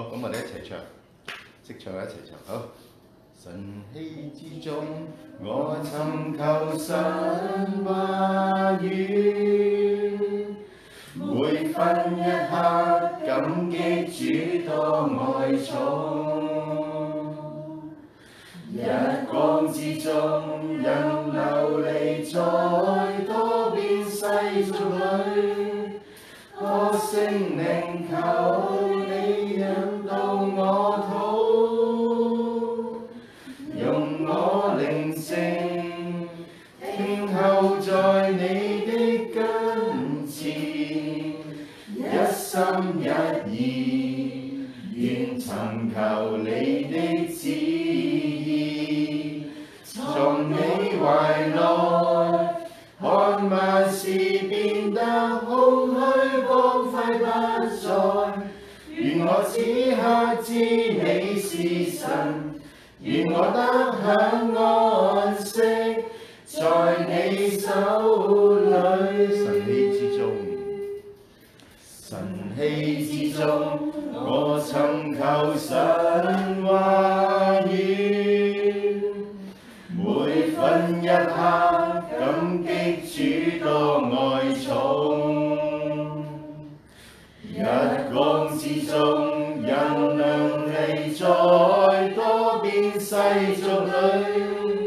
好，咁我哋一齊唱，識唱一齊唱。好，晨曦之中，我尋求神話語，每分一刻感激主多愛寵。日光之中，人流離在多變世俗裏，我聖靈求。心一意，願尋求你的旨意，從你懷內，看萬事變得空虛，光輝不再。願我此刻知你是神，願我得享安息，在你手裏。氣之中，我尋求神話語，每分一刻感激主多愛寵。日光之中，人能離在多變世俗裏，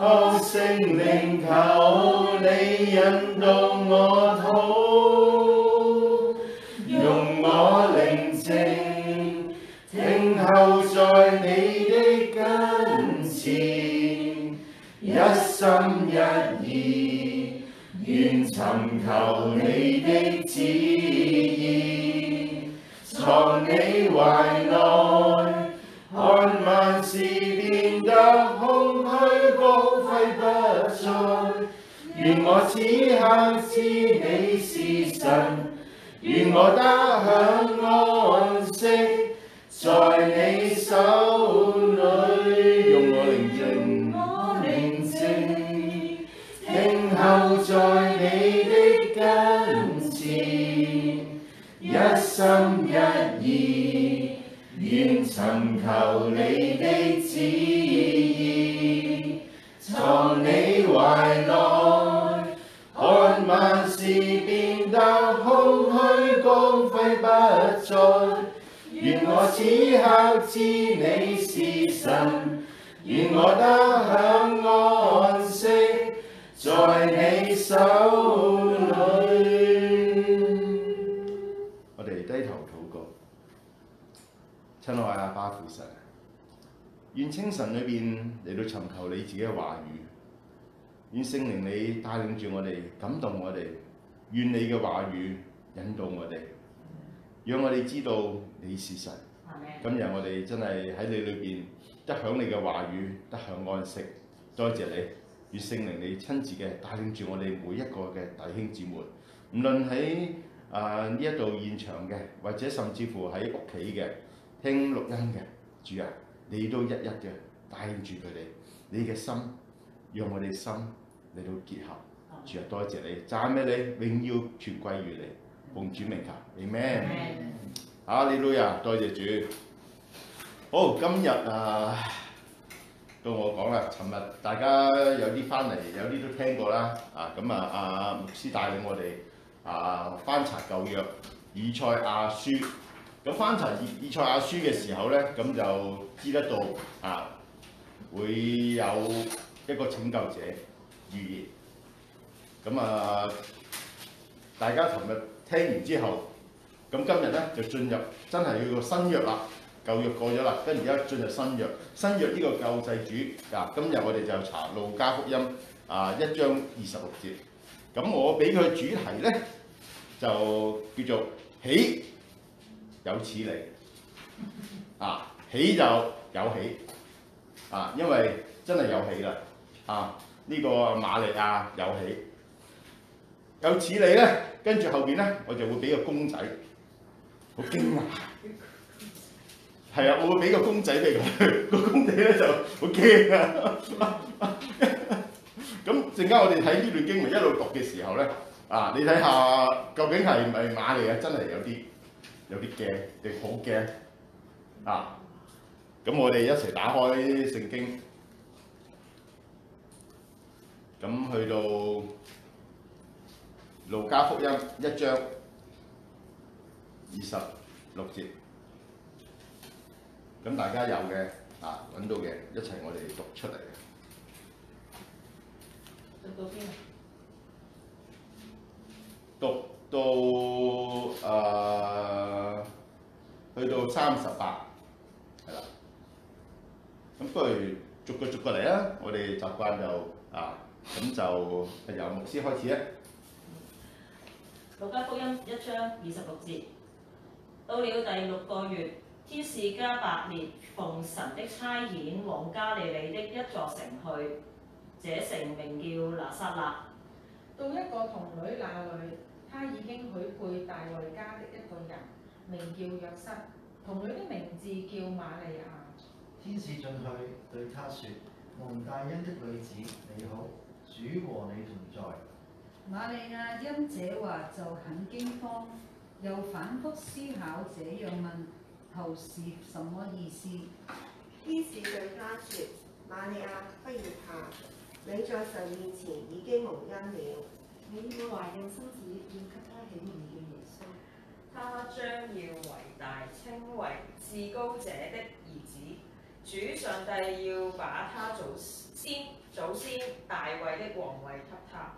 歐聖靈求你引導我土。在你的跟前，一心一意，願尋求你的旨意，藏你懷內，看萬事變得空虛，光輝不再。願我此刻知你是神，願我得享安息。在你手裏用我寧靜。聽候在你的跟前，一心一意，願尋求你的旨意，藏你懷內，看萬事變得空虛，光輝不再。願我此刻知你是神，願我得享安息，在你手裏。我哋低頭禱告，親愛阿爸父神，願清晨裏邊嚟到尋求你自己嘅話語，願聖靈你帶領住我哋，感動我哋，願你嘅話語引導我哋，讓我哋知道，你是神，今日我哋真係喺你裏邊得享你嘅話語，得享安息。多謝你，與聖靈你親自嘅帶領住我哋每一個嘅弟兄姊妹，無論喺啊呢一度現場嘅，或者甚至乎喺屋企嘅聽錄音嘅，主啊，你都一一嘅帶領住佢哋，你嘅心讓我哋心嚟到結合。主啊，多謝你，讚美你，榮耀全歸於你，奉主名求，Amen。啊，哈利路亞，多謝主。好，今日啊、呃，到我講啦。尋日大家有啲翻嚟，有啲都聽過啦。啊，咁啊，阿牧師帶領我哋啊翻查舊約以賽亞書。咁翻查以以賽亞書嘅時候咧，咁就知得到啊會有一個拯救者預言。咁啊，大家尋日聽完之後。咁今日咧就進入真係要個新約啦，舊約過咗啦，跟住而家進入新約。新約呢個救世主嗱、啊，今日我哋就查路加福音啊一章二十六節。咁我俾佢主題咧就叫做喜有此理」啊。啊喜就有喜啊，因為真係有喜啦啊！呢、這個馬利亞有喜有此理咧，跟住後邊咧我就會俾個公仔。好驚啊！係啊，我會俾個公仔俾佢，個 公仔咧就好驚啊！咁陣間我哋睇呢段經文一路讀嘅時候咧，啊，你睇下究竟係咪馬利亞？真係有啲有啲驚，定好驚啊！咁我哋一齊打開聖經，咁去到路加福音一章。二十六節，咁大家有嘅啊，揾到嘅一齊，我哋讀出嚟。讀到邊？讀到誒、呃，去到三十八係啦。咁不如逐個逐個嚟啦。我哋習慣就啊，咁就由牧師開始啊。路加福音一章二十六節。到了第六個月，天使加百列奉神的差遣往加利利的一座城去，這城名叫拿撒勒。到一個童女那裏，她已經許配大衞家的一個人，名叫約瑟。童女的名字叫瑪利亞。天使進去對她説：蒙大恩的女子，你好，主和你同在。瑪利亞因這話就很驚慌。又反覆思考這樣問候是什麼意思？天使對他說：「瑪利亞，不要怕，你在神面前已經無恩了。你要懷孕生子，要給他起名叫耶穌。他將要偉大，稱為至高者的兒子。主上帝要把他祖先祖先大衛的皇位給他。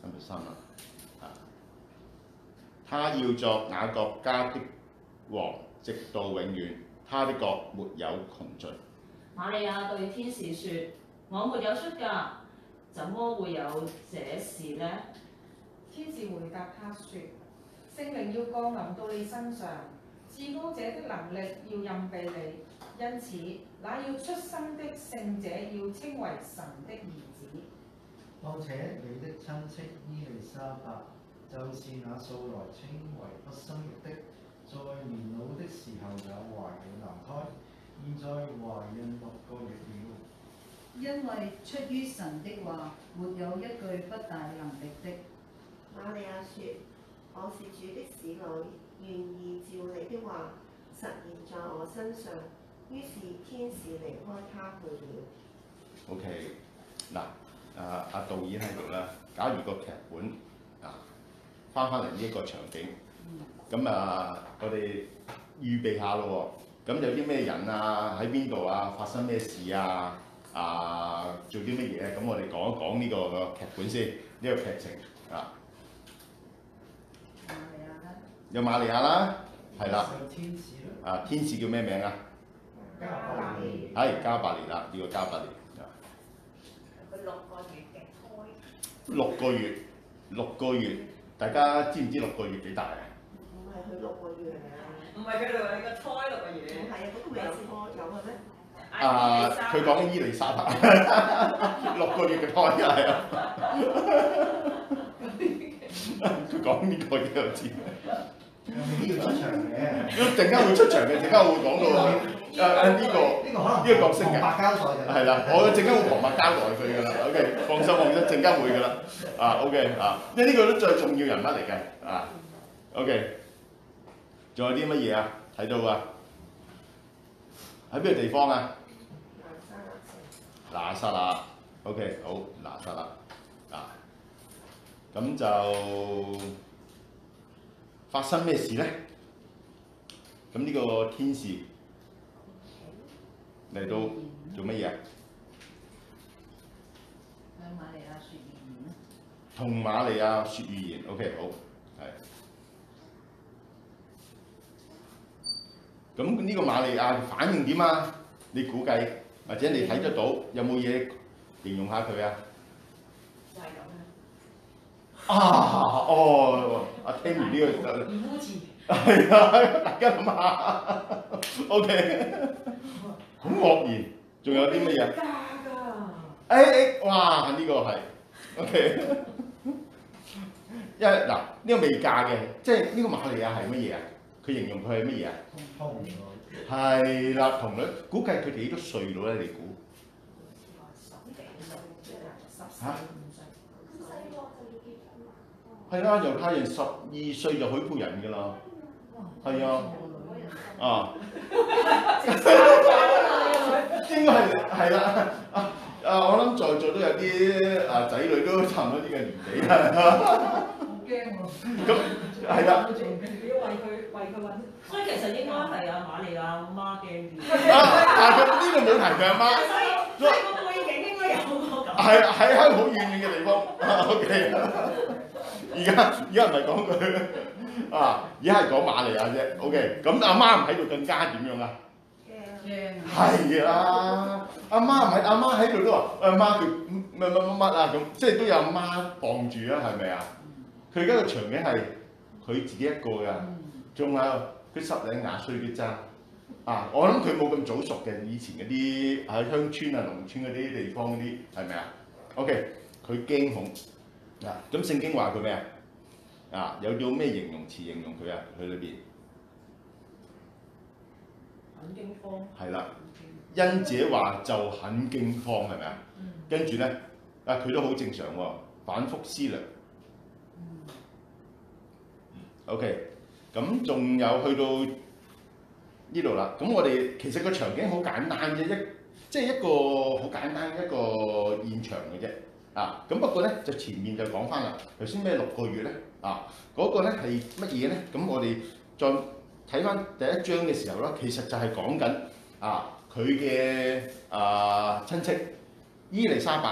三十三啊！他要作雅各家的王，直到永遠。他的國沒有窮盡。瑪利亞對天使說：我沒有出嫁，怎麼會有這事呢？天使回答他說：聖靈要降臨到你身上，至高者的能力要蔭庇你。因此，那要出生的聖者要稱為神的兒。況且你的親戚伊麗莎白就是那素來稱為不生育的，的，在年老的時候有懷孕男胎，現在懷孕六個月了。因為出於神的話，沒有一句不帶能力的。瑪利亞說：我是主的子女，願意照你的話實現在我身上。於是天使離開他去了。OK，嗱。啊啊、uh, 導演喺度啦，假如個劇本啊翻返嚟呢一個場景，咁啊我哋預備下咯喎，咁、啊、有啲咩人啊喺邊度啊，發生咩事啊啊做啲乜嘢啊，咁、啊、我哋講一講呢個個劇本先，呢、呢個劇情啊。有瑪利亞啦，係啦，啊，天使，啊天使叫咩名啊？加百列，係加百列啦，要、呢個、加百列。六個月嘅胎，六個月，六個月，大家知唔知六個月幾大啊？唔係佢六個月，唔係佢六個月嘅胎，六個月，唔係啊，嗰個有斯康有嘅咩？啊，佢講緊伊利沙伯，六個月嘅胎啊，係啊，佢講呢個嘢又知。要 出場嘅，咁陣間會出場嘅，陣間會講到 啊！呢、呢個呢、 呢個可能呢個角色嘅白膠袋就係啦，我陣間會旁白交代佢噶啦，OK，放心放心，陣間會噶啦，啊 OK 啊，因為呢個都最重要人物嚟嘅啊，OK，仲有啲乜嘢啊？睇、okay，到、okay，啊？喺邊個地方啊？拿撒勒，OK，好，拿撒勒啊，咁就。發生咩事咧？咁呢個天使嚟到做乜嘢啊？同瑪利亞説語言。同瑪利亞説語言。OK，好，係。咁呢個瑪利亞反應點啊？你估計或者你睇得到，嗯、有冇嘢形容下佢啊？啊哦，阿聽完呢個就得啦。唔好笑。係啊，大家諗下。O K。好愕然，仲有啲乜嘢？嫁㗎。誒誒，哇，呢個係。O K。一嚟，呢個未嫁嘅，即係呢個瑪利亞係乜嘢啊？佢形容佢係乜嘢啊？童女。係啦，童女，估計佢幾多歲咯？你估？嚇？係啦，猶太人十二歲就許配人㗎啦。係啊，啊，應該係係啦。啊啊，我諗在座都有啲啊仔女都差唔多呢個年紀啦。好驚喎！咁係啊，要為佢為佢揾。所以其實應該係阿瑪莉亞阿媽驚啲。但係佢呢個冇提佢阿媽。所以，所以個背景應該有個咁。係喺香好遠遠嘅地方。 O K，而家而家唔係講佢啊，而係講馬利亞啫。O K，咁阿媽唔喺度更加點樣啊？驚啊 Yeah.！係啊，阿媽唔喺，阿媽喺度都話：阿媽佢乜乜乜乜啊咁，即係都有阿媽傍住啊，係咪啊？佢而家個場景係佢自己一個㗎，仲有佢十領牙衰啲渣啊！我諗佢冇咁早熟嘅，以前嗰啲喺鄉村啊、農村嗰啲地方嗰啲係咪啊？O K。是佢一驚恐嗱，咁、嗯、聖經話佢咩啊？啊，有叫咩形容詞形容佢啊？佢裏邊很驚慌，係啦，因者話就很驚慌，係咪啊？跟住咧啊，佢都好正常喎、啊，反覆思量。OK，咁仲有去到呢度啦。咁我哋其實個場景好簡單嘅，一即係一個好簡單一個現場嘅啫。啊，咁不過咧就前面就講翻啦。頭先咩六個月咧？啊，嗰、那個咧係乜嘢咧？咁我哋再睇翻第一章嘅時候咧，其實就係講緊啊佢嘅啊親戚伊麗莎白。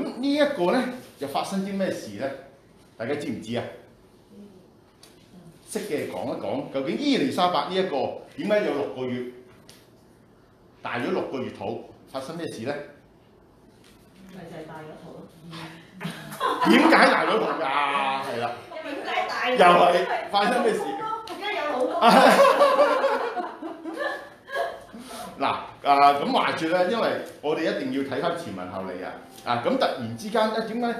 咁、啊這個、呢一個咧就發生啲咩事咧？大家知唔知啊？識嘅講一講，究竟伊麗莎白呢、這、一個點解有六個月大咗六個月肚，發生咩事咧？咪就係大咗一頭咯。點解大咗一頭㗎？係啦。又係點解大？又係發生咩事？而家有老。嗱，啊咁話住咧，因為我哋一定要睇翻前文後理啊。啊咁突然之間，啊點解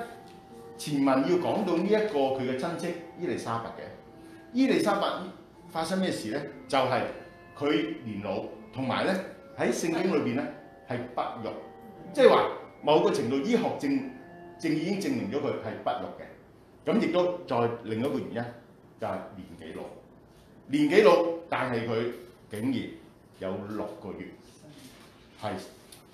前文要講到呢一個佢嘅親戚伊麗莎白嘅？伊麗莎白發生咩事咧？就係佢年老，同埋咧喺聖經裏邊咧係不育，即係話。某個程度，醫學證證已經證明咗佢係不育嘅，咁亦都再另一個原因就係年紀老。年紀老，但係佢竟然有六個月。係，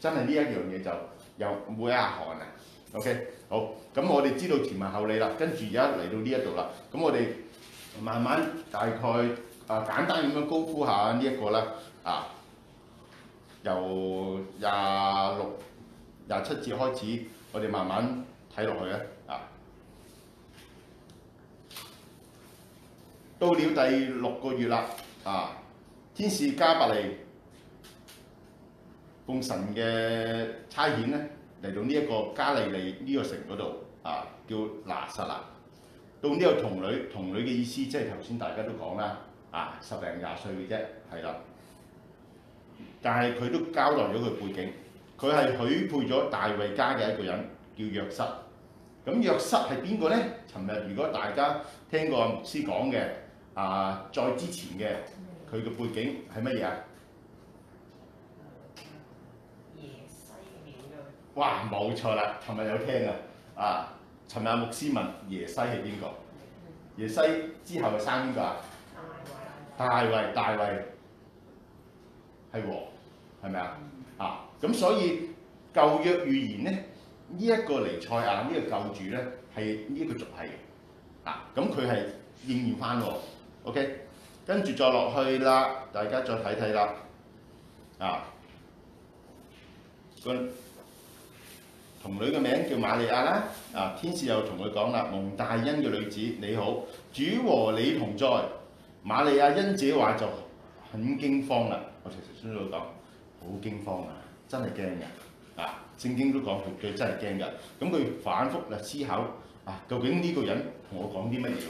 真係呢一樣嘢就有冇啲阿韓啊？OK，好，咁我哋知道前文後理啦，跟住而家嚟到呢一度啦，咁我哋慢慢大概啊簡單咁樣高估下呢一個啦啊，由廿六。廿七節開始，我哋慢慢睇落去啊！啊，到了第六個月啦，啊，天使加百利奉神嘅差遣咧，嚟到呢一個加利利呢個城嗰度，啊，叫拿撒勒。到呢個童女，童女嘅意思即係頭先大家都講啦，啊，十零廿歲嘅啫，係啦，但係佢都交代咗佢背景。佢係許配咗大衛家嘅一個人，叫約瑟。咁約瑟係邊個咧？尋日如果大家聽過牧師講嘅啊，再之前嘅佢嘅背景係乜嘢啊？哇！冇錯啦，尋日有聽啊！啊，尋日牧師問耶西係邊個？耶西之後係生邊個啊？大衛，大衛係王，係咪啊？啊！咁所以舊約預言咧，呢一個彌賽亞，呢個救主咧係呢個族系嘅啊。咁佢係應驗翻喎。OK，跟住再落去啦，大家再睇睇啦啊。個童女嘅名叫瑪利亞啦。啊，天使又同佢講啦：蒙大恩嘅女子，你好，主和你同在。瑪利亞因這話就很驚慌啦。我其實想都講好驚慌啊！真係驚嘅，啊聖經都講佢佢真係驚嘅，咁佢反覆嚟思考啊，究竟呢個人同我講啲乜嘢喎？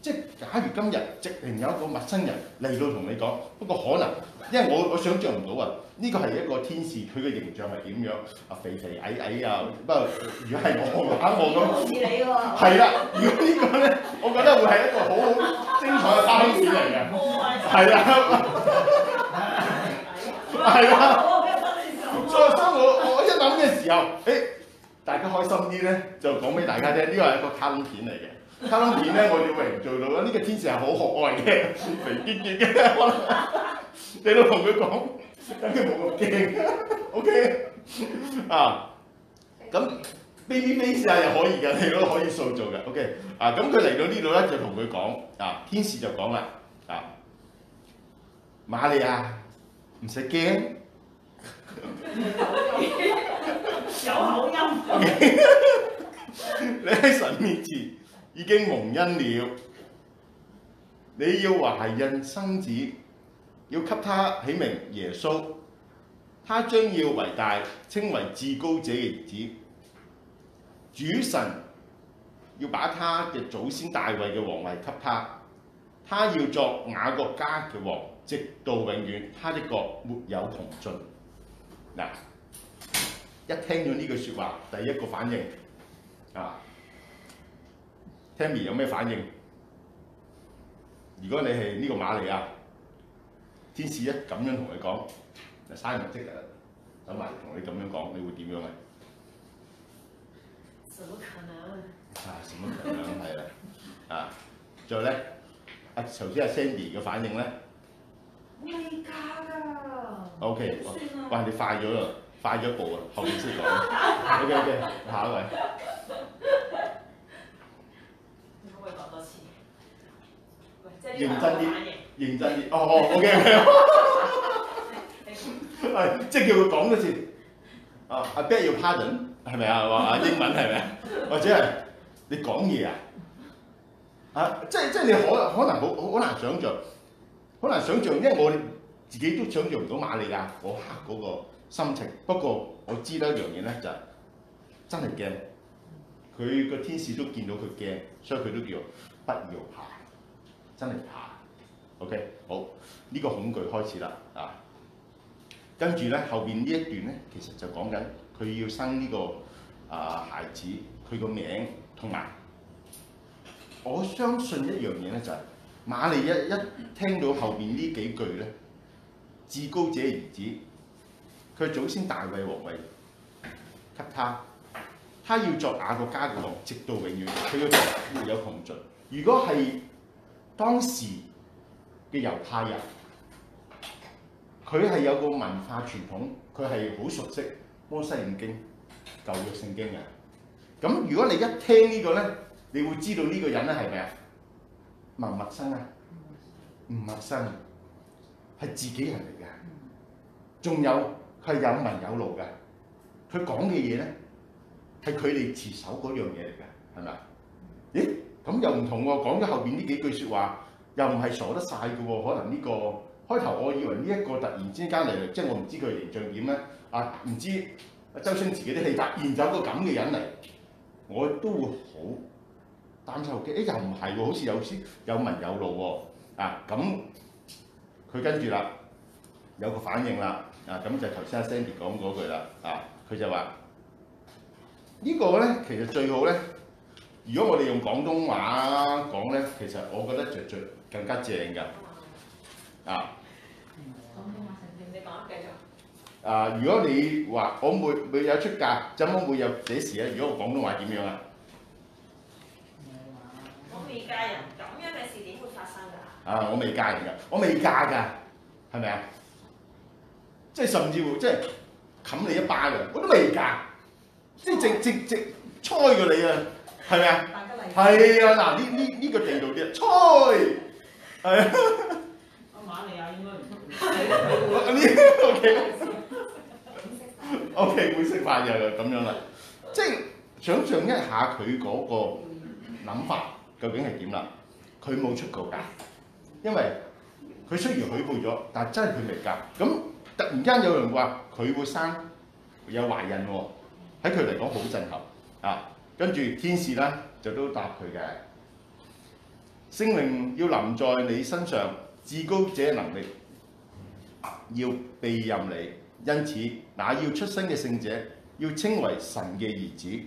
即係假如今日直情有一個陌生人嚟到同你講，不過可能因為我我想像唔到啊，呢個係一個天使，佢嘅形象係點樣？啊肥肥矮矮啊，不過，如果係我啊我咁，唔似你喎，係啦，如果呢個咧，我覺得會係一個好好精彩嘅故事嚟嘅，係啊，係啊。我我一諗嘅時候，誒、欸，大家開心啲咧，就講俾大家聽，呢個係一個卡通片嚟嘅。卡通 片咧，我哋為唔做到啦。呢、這個天使係好可愛嘅，肥嘟嘟嘅。呵呵 你都同佢講，等佢冇咁驚。O K。啊，咁 baby face 啊又可以嘅，你都可以塑造嘅。O K。啊，咁佢嚟到呢度咧，就同佢講，啊，天使就講啦，啊，馬利亞，唔使驚。有口音，你喺神面前已經蒙恩了。你要懷孕生子，要給他起名耶穌。他將要為大，稱為至高者嘅兒子。主神要把他嘅祖先大衛嘅王位給他，他要作雅各家嘅王，直到永遠，他的國沒有窮盡。嗱、啊，一聽咗呢句説話，第一個反應啊，Tammy 有咩反應？如果你係呢個瑪利亞，天使一咁樣同佢講，就、啊、生日即日，諗埋同你咁樣講，你會點樣啊？怎麼可能 啊？啊，怎可能係啊？啊，再咧，啊，頭先阿 Sandy 嘅反應咧？未噶。O K，哇，你快咗啦，快咗一步啊，後面先講。O K，O K，下一位。認真啲講認真啲，哦哦，O K O K，係，即係叫佢講多次。啊，阿 beg your pardon 係咪啊？話英文係咪啊？或者係你講嘢啊？啊，即係即係你可可能好好難想像。好難想像，因為我自己都想象唔到馬利亞嗰刻嗰個心情。 不過我知咧一樣嘢咧就係真係驚，佢個天使都見到佢驚，所以佢都叫不要怕，真係怕。OK，好呢、這個恐懼開始啦啊！跟住咧後邊呢一段咧，其實就講緊佢要生呢、這個啊、呃、孩子，佢個名同埋我相信一樣嘢咧就係、是。馬利一一聽到後邊呢幾句咧，至高者兒子。佢祖先大衞王位給他，他要作雅各家嘅王，直到永遠，佢嘅沒有窮盡。如果係當時嘅猶太人，佢係有個文化傳統，佢係好熟悉《摩西五經》、舊約聖經嘅。咁如果你一聽呢、這個咧，你會知道呢個人咧係咩？啊？陌唔陌生啊，唔陌生，係自己人嚟嘅。仲有佢係有文有路嘅，佢講嘅嘢咧係佢哋持守嗰樣嘢嚟嘅，係咪？咦，咁又唔同喎、哦。講咗後邊呢幾句説話，又唔係傻得晒嘅喎。可能呢、呢個開頭，我以為呢一個突然之間嚟，即係我唔知佢形象點咧。啊，唔知周星自己啲未發現走個咁嘅人嚟，我都會好。單手機，哎又唔係喎，好似有絲有文有路喎、哦，啊咁佢跟住啦，有個反應啦，啊咁就頭先阿 Sandy 講嗰句啦，啊佢就話、這個、呢個咧其實最好咧，如果我哋用廣東話講咧，其實我覺得就最更加正㗎，啊。廣東話成平，你講繼續。啊，如果你話我沒沒有出嫁，怎麼會有這事咧？如果我廣東話點樣啊？未嫁人咁樣嘅事點會發生㗎？啊！我未嫁人㗎，我未嫁㗎，係咪啊？即係甚至乎即係冚你一巴嘅，我都未嫁，即係直直直猜過你啊，係咪啊？係啊，嗱，呢呢呢個地道啲啊，猜係啊。阿馬利亞應該唔出門嚟，嗰啲 OK OK 會識發嘅咁樣啦。即係想像一下佢嗰個諗法。究竟係點啦？佢冇出過嫁，因為佢雖然許配咗，但係真係佢未嫁。咁突然間有人話佢會生有懷孕喎，哦，喺佢嚟講好震撼啊！跟住天使呢，就都答佢嘅，聖靈要臨在你身上，至高者能力要庇蔭你，因此那要出生嘅聖者要稱為神嘅兒子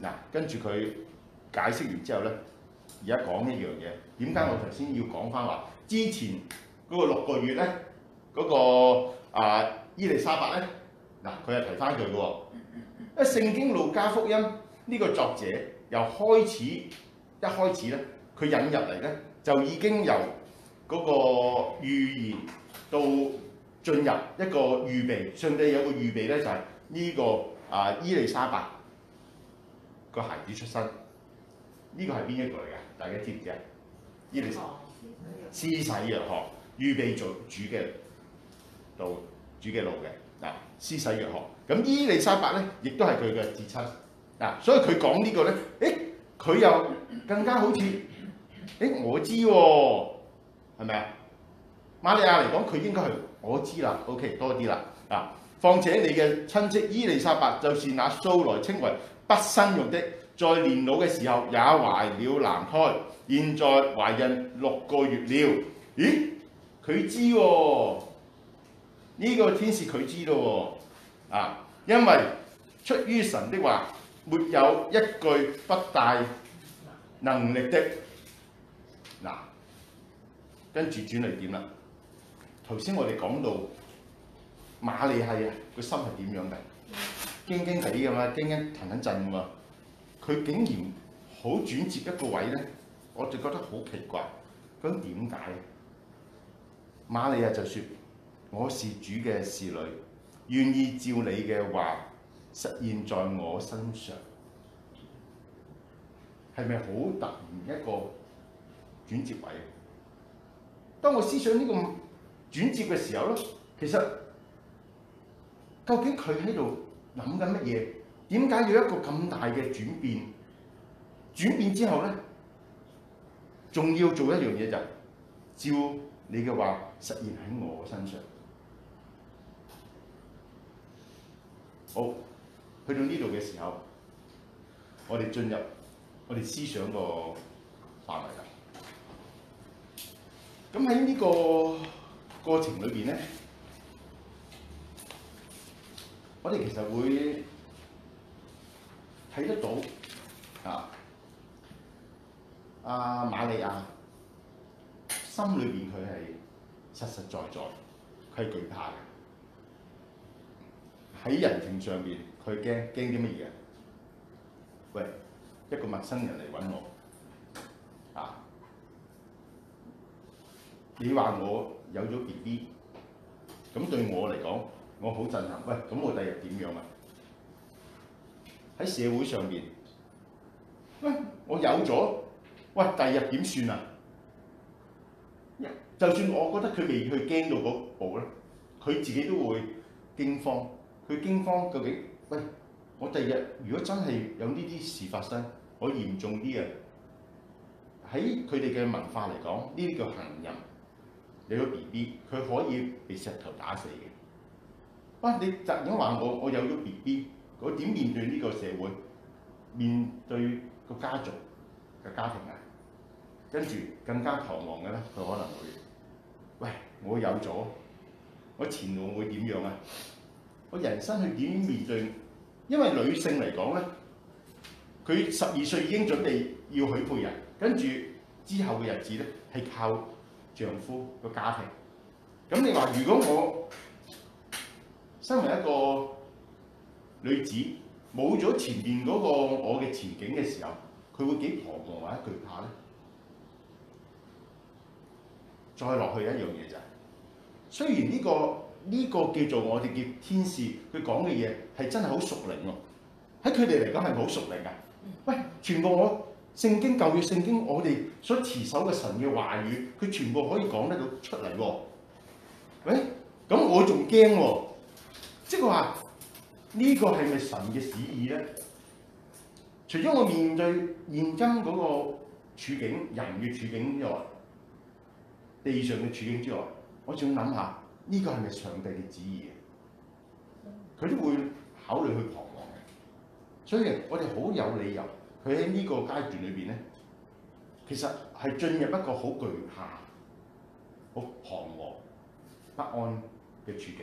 嗱。跟住佢。解釋完之後咧，而家講一樣嘢，點解我頭先要講翻話？之前嗰個六個月咧，嗰、那個啊伊麗莎白咧，嗱佢係提翻佢嘅喎，因為《聖、嗯、經路加福音》呢、這個作者由開始一開始咧，佢引入嚟咧，就已經由嗰個預言到進入一個預備，上帝有個預備咧，就係、是、呢、這個啊伊麗莎白個孩子出身。呢個係邊一個嚟嘅？大家知唔知啊？伊利莎白，施 洗約翰，預備做主嘅道主嘅路嘅嗱，施洗約翰。咁伊利莎白咧，亦都係佢嘅至親嗱、啊，所以佢講呢、這個咧，誒、欸、佢又更加好似誒、欸、我知喎，係咪啊？瑪利亞嚟講，佢應該係我知啦。O、OK, K，多啲啦嗱。況且你嘅親戚伊利莎白就是那素來稱為不生育的。在年老嘅時候也懷了男胎，現在懷孕六個月了。咦？佢知喎？呢、這個天使佢知道喎。啊，因為出於神的話，沒有一句不帶能力的。嗱、啊，跟住轉嚟點啦？頭先我哋講到瑪利係啊，個心係點樣嘅？驚驚地㗎嘛，驚驚騰騰震㗎嘛。驚驚佢竟然好轉折一個位咧，我就覺得好奇怪。咁點解？瑪利亞就說：我是主嘅侍女，願意照你嘅話實現在我身上。係咪好突然一個轉折位？當我思想呢個轉折嘅時候咧，其實究竟佢喺度諗緊乜嘢？點解要一個咁大嘅轉變？轉變之後咧，仲要做一樣嘢，就照你嘅話實現喺我身上。好，去到呢度嘅時候，我哋進入我哋思想個範圍啦。咁喺呢個過程裏邊咧，我哋其實會睇得到啊！阿瑪利亞心裏邊佢係實實在在，佢係懼怕嘅。喺人情上面，佢驚驚啲乜嘢？喂，一個陌生人嚟揾我啊！你話我有咗 BB，咁對我嚟講，我好震撼。喂，咁我第日點樣啊？喺社會上邊，喂，我有咗，喂，第日點算啊？就算我覺得佢未去驚到嗰步咧，佢自己都會驚慌。佢驚慌究竟？喂，我第日如果真係有呢啲事發生，我嚴重啲啊！喺佢哋嘅文化嚟講，呢啲叫行人。你個 BB，佢可以被石頭打死嘅。喂！你突然話我，我有咗 BB。我點面對呢個社會？面對個家族嘅家庭啊，跟住更加彷徨嘅咧，佢可能會：喂，我有咗，我前路會點樣啊？我人生去點面對？因為女性嚟講咧，佢十二歲已經準備要許配人，跟住之後嘅日子咧係靠丈夫個家庭。咁你話如果我身為一個女子冇咗前面嗰個我嘅前景嘅時候，佢會幾彷徨或者懼怕咧？再落去一樣嘢就係，雖然呢個呢個叫做我哋嘅天使，佢講嘅嘢係真係好熟靈喎。喺佢哋嚟講係好熟靈㗎？喂，全部我聖經舊約聖經我哋所持守嘅神嘅話語，佢全部可以講得到出嚟喎。喂，咁我仲驚喎，即係話。呢個係咪神嘅旨意咧？除咗我面對現今嗰個處境、人嘅處境之外、地上嘅處境之外，我仲諗下呢個係咪上帝嘅旨意？佢都會考慮去彷徨嘅。所以，我哋好有理由，佢喺呢個階段裏邊咧，其實係進入一個好懼怕、好彷徨、不安嘅處境，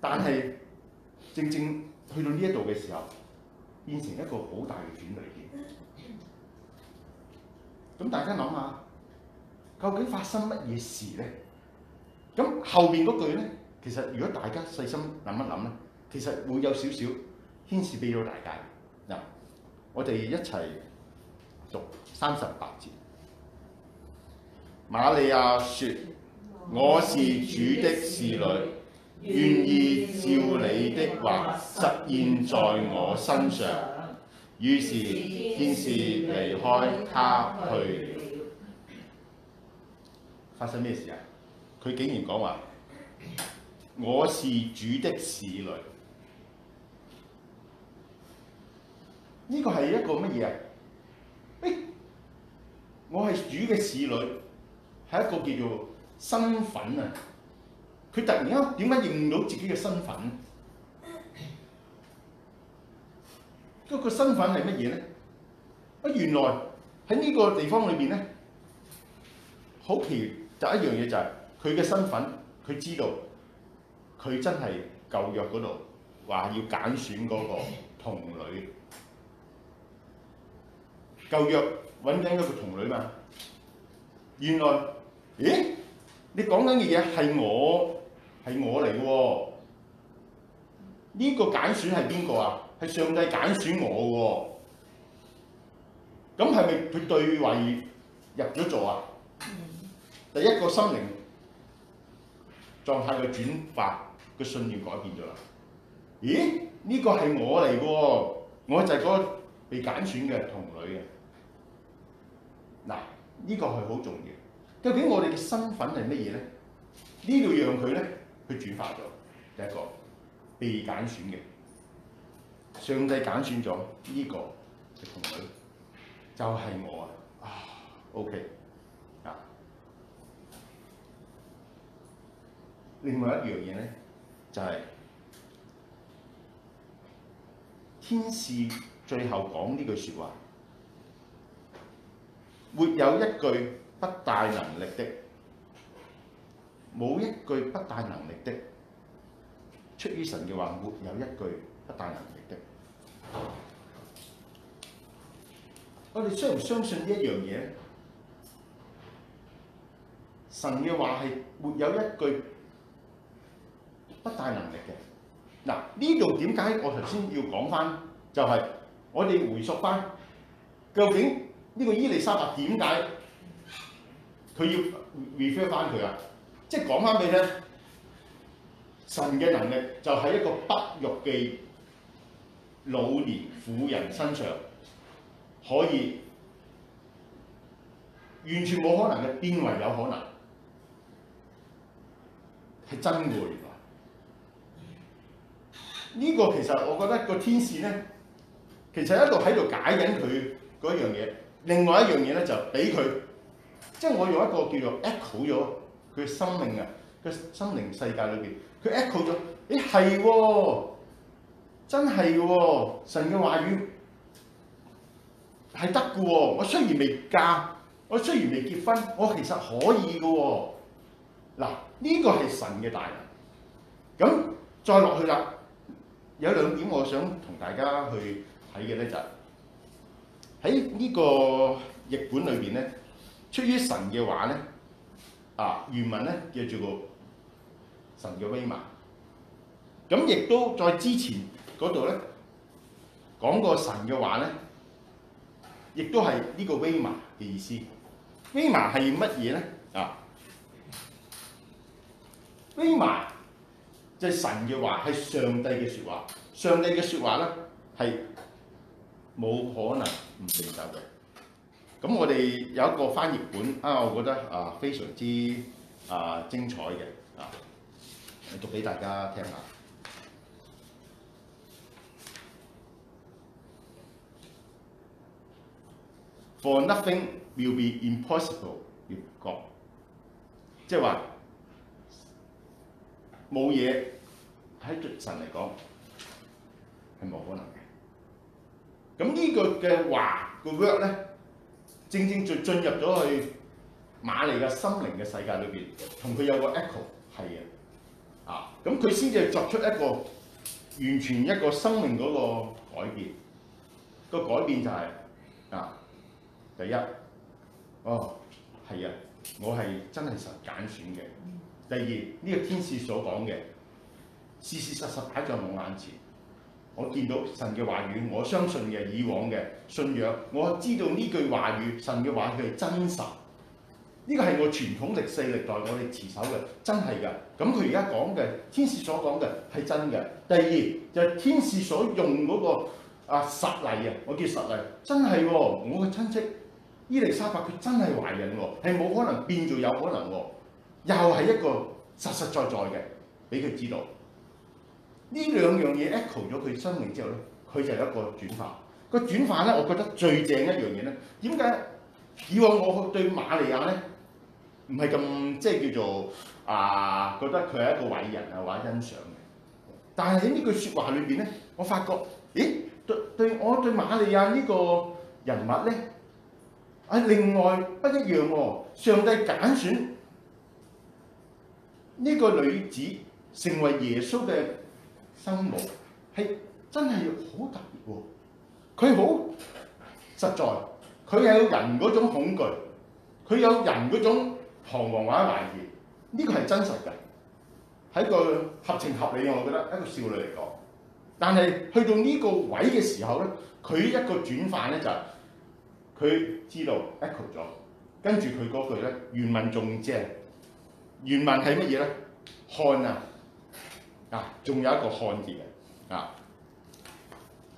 但係，正正去到呢一度嘅時候，變成一個好大嘅轉捩嘅，咁大家諗下，究竟發生乜嘢事咧？咁後邊嗰句咧，其實如果大家細心諗一諗咧，其實會有少少牽涉俾到大家。嗱，我哋一齊讀三十八節。瑪利亞說：我是主的侍女。願意照你的話實現在我身上，於是天使離開他去。發生咩事啊？佢竟然講話：我是主的使女。呢個係一個乜嘢啊？誒，我係主嘅使女，係一個叫做身份啊！佢突然間點解認唔到自己嘅身份？嗰個身份係乜嘢咧？啊，原來喺呢個地方裏邊咧，好奇就一樣嘢就係佢嘅身份，佢知道佢真係舊約嗰度話要揀選嗰個童女，舊約揾緊嗰個童女嘛？原來，咦？你講緊嘅嘢係我。係我嚟嘅喎，呢個揀選係邊個啊？係上帝揀選我喎、哦。咁係咪佢對位入咗座啊？第一個心靈狀態嘅轉化，個信念改變咗啦。咦？呢個係我嚟嘅喎，我就係嗰個被揀選嘅童女啊。嗱，呢、呢個係好重要。究竟我哋嘅身份係乜嘢咧？這個、呢度讓佢咧。佢轉化咗，第一個被揀選嘅，上帝揀選咗、這個，呢個同女就係、就是、我啊。OK 啊，另外一樣嘢呢，就係、是、天使最後講呢句説話，沒有一句不帶能力的。冇一句不帶能力的，出於神嘅話，沒有一句不帶能力的。我哋相唔相信呢一樣嘢？神嘅話係沒有一句不帶能力嘅。嗱，呢度點解我頭先要講返？就係、是、我哋回溯返，究竟呢個伊利沙伯點解佢要 refer 返佢啊？即係講翻俾你聽，神嘅能力就喺一個不育嘅老年婦人身上，可以完全冇可能嘅變為有可能，係真愛啊！呢、這個其實我覺得個天使咧，其實一路喺度解緊佢嗰樣嘢。另外一樣嘢咧，就俾佢，即係我用一個叫做 echo 咗。佢生命啊，佢心靈世界裏邊，佢 echo 咗，誒係喎，真係喎，神嘅話語係得嘅喎，我雖然未嫁，我雖然未結婚，我其實可以嘅喎。嗱、這個，呢個係神嘅大能。咁再落去啦，有兩點我想同大家去睇嘅咧，就係喺呢個逆本裏邊咧，出於神嘅話咧。啊！原文咧叫做個神嘅威嘛，咁亦都在之前嗰度咧講過神嘅話咧，亦都係呢個威嘛嘅意思。威嘛係乜嘢咧？啊，威嘛即係神嘅話，係上帝嘅說話，上帝嘅說話咧係冇可能唔成就嘅。咁我哋有一個翻譯本啊，我覺得啊非常之啊精彩嘅啊，讀俾大家聽下。For nothing will be impossible. 譯講，即係話冇嘢喺神嚟講係冇可能嘅。咁呢句嘅話個 word 咧？正正進進入咗去馬利嘅心靈嘅世界裏邊，同佢有個 echo 係啊，啊，咁佢先至作出一個完全一個生命嗰個改變。個改變就係、是、啊，第一，哦，係啊，我係真係受揀選嘅。第二，呢、這個天使所講嘅，事事實實擺在我眼前。我見到神嘅話語，我相信嘅以往嘅信仰，我知道呢句話語，神嘅話佢係真實。呢、這個係我傳統歷世歷代我哋持守嘅，真係㗎。咁佢而家講嘅，天使所講嘅係真嘅。第二就係、是、天使所用嗰、那個啊實例啊，我叫實例，真係喎。我嘅親戚伊麗莎白佢真係懷孕喎，係冇可能變做有可能喎，又係一個實實在在嘅俾佢知道。呢兩樣嘢 echo 咗佢生命之後咧，佢就有一個轉化。這個轉化咧，我覺得最正一樣嘢咧。點解以往我去對瑪利亞咧，唔係咁即係叫做啊，覺得佢係一個偉人啊或者欣賞嘅。但係喺呢句説話裏邊咧，我發覺咦對對，對我對瑪利亞呢個人物咧啊，另外不一樣喎、哦。上帝揀選呢個女子成為耶穌嘅。生活係真係好特別喎，佢好實在，佢有人嗰種恐懼，佢有人嗰種彷徨或者懷疑，呢個係真實嘅，係一個合情合理嘅。我覺得，一個少女嚟講，但係去到呢個位嘅時候咧，佢一個轉化咧就係、是、佢知道 echo 咗，跟住佢嗰句咧原文仲正，原文係乜嘢咧？漢啊！嗱，仲、啊、有一個看字嘅，嗱、啊，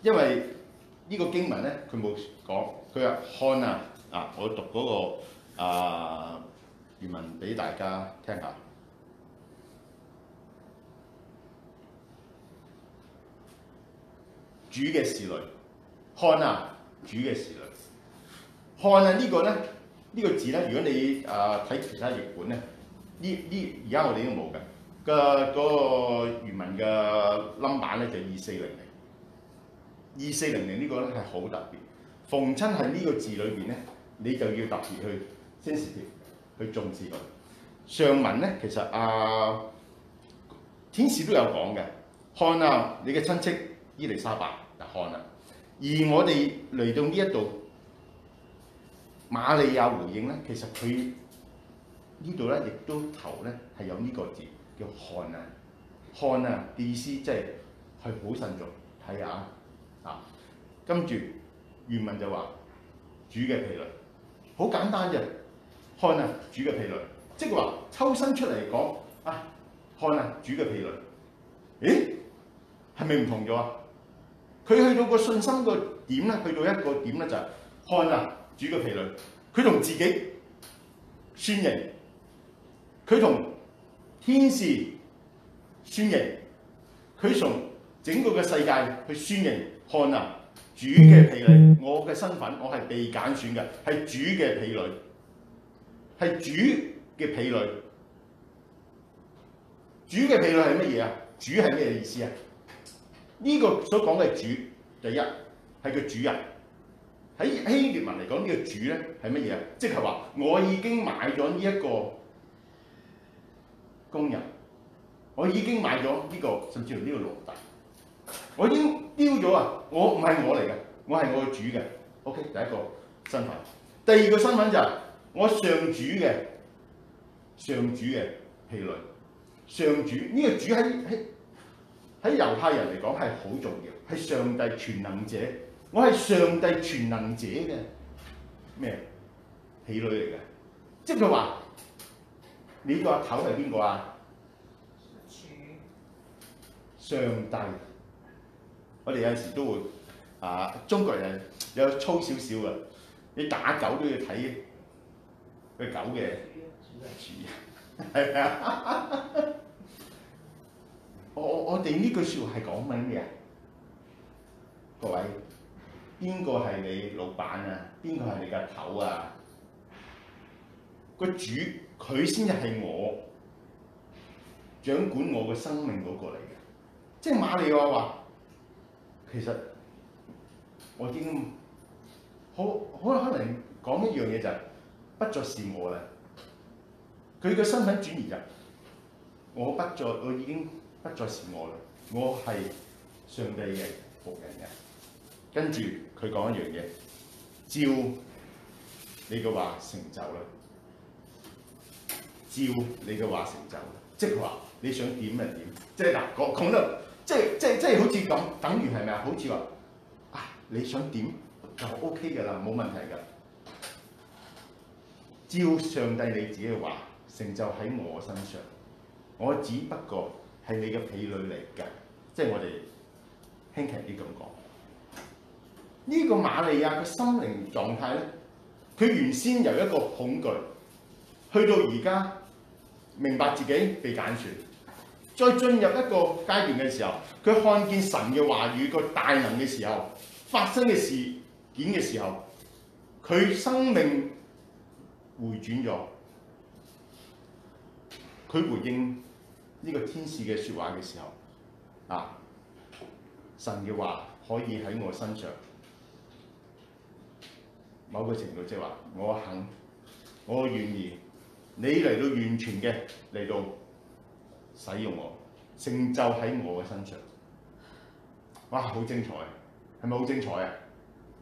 因為呢個經文咧，佢冇講，佢話看啊，嗱、啊，我讀嗰、那個啊原文俾大家聽下，主嘅事類，看啊，主嘅事類，看啊個呢個咧，呢、這個字咧，如果你啊睇其他譯本咧，呢呢而家我哋都冇嘅。嘅嗰、啊那個原文嘅冧板咧就二四零零，二四零零呢個咧係好特別。逢親係呢個字裏邊咧，你就要特別去精視佢，去重視佢。上文咧其實啊，天使都有講嘅，看啊，你嘅親戚伊麗莎白嗱，看啊。而我哋嚟到呢一度，瑪利亞回應咧，其實佢呢度咧亦都頭咧係有呢個字，叫看啊，看啊，這個、意思即係係好慎重，睇下，啊，跟住原文就話主嘅婢女，好簡單嘅，看啊，主嘅婢女，即係話抽身出嚟講啊，看啊，主嘅婢女，咦，係咪唔同咗啊？佢去到個信心個點咧，去到一個點咧、就是，就係看啊，主嘅婢女，佢同自己宣認，佢同天使宣揚，佢從整個嘅世界去宣揚，看啊，主嘅婢女，我嘅身份，我係被揀選嘅，係主嘅婢女，係主嘅婢女，主嘅婢女係乜嘢啊？主係咩意思啊？呢個所講嘅主，第一係個主人，喺希臘文嚟講呢個主咧係乜嘢啊？即係話我已經買咗呢一個。工人，我已經買咗呢個甚至乎呢個奴隸，我已經丟咗啊！我唔係我嚟嘅，我係我主嘅。OK，第一個身份。第二個身份就係我上主嘅上主嘅婢女。上主呢個主喺喺喺猶太人嚟講係好重要，係上帝全能者。我係上帝全能者嘅咩婢女嚟嘅，即係佢話。你個阿頭係邊個啊？上帝。我哋有陣時都會啊，中國人有粗少少啊。你打狗都要睇個狗嘅主人。主都係主啊，我我我哋呢句説話係講緊咩啊？各位，邊個係你老闆啊？邊個係你嘅頭啊？個主。佢先至係我掌管我嘅生命嗰個嚟嘅，即係馬利亞話：其實我已經好好可能講一樣嘢，就係不再是我啦。佢嘅身份轉移就我不再，我已經不再是我啦。我係上帝嘅僕人嘅。跟住佢講一樣嘢，照你嘅話成就啦。照你嘅話成就，即係話你想點就點，即係嗱講講得即係即係即係好似咁，等於係咪啊？好似話啊，你想點就 O K 㗎喇，冇問題噶。照上帝你自己嘅話成就喺我身上，我只不過係你嘅婢女嚟㗎。即係我哋輕輕啲咁講。呢個瑪利亞嘅心靈狀態咧，佢原先由一個恐懼去到而家，明白自己被揀選，再進入一個階段嘅時候，佢看見神嘅話語，嘅大能嘅時候發生嘅事件嘅時候，佢生，生命回轉咗，佢回應呢個天使嘅説話嘅時候，啊，神嘅話可以喺我身上某個程度，即係話我肯，我願意。你嚟到完全嘅嚟到使用我，成就喺我嘅身上，哇！好精彩，係咪好精彩啊？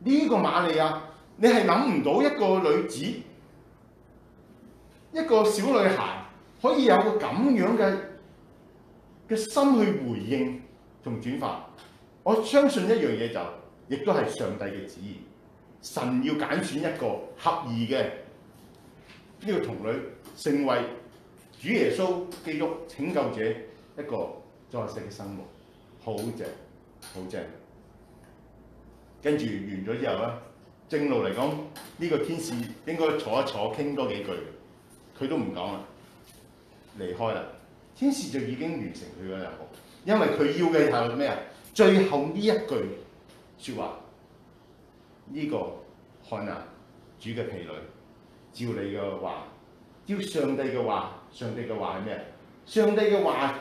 呢個瑪利亞，你係諗唔到一個女子，一個小女孩可以有個咁樣嘅嘅心去回應同轉化。我相信一樣嘢就是，亦都係上帝嘅旨意。神要揀選一個合意嘅呢個童女。成為主耶穌基督拯救者一個再世嘅生活，好正好正。跟住完咗之後咧，正路嚟講呢個天使應該坐一坐傾多幾句，佢都唔講啦，離開啦。天使就已經完成佢嘅任務，因為佢要嘅係咩啊？最後呢一句説話，呢、這個看啊，主嘅婢女，照你嘅話。要上帝嘅話，上帝嘅話係咩？上帝嘅話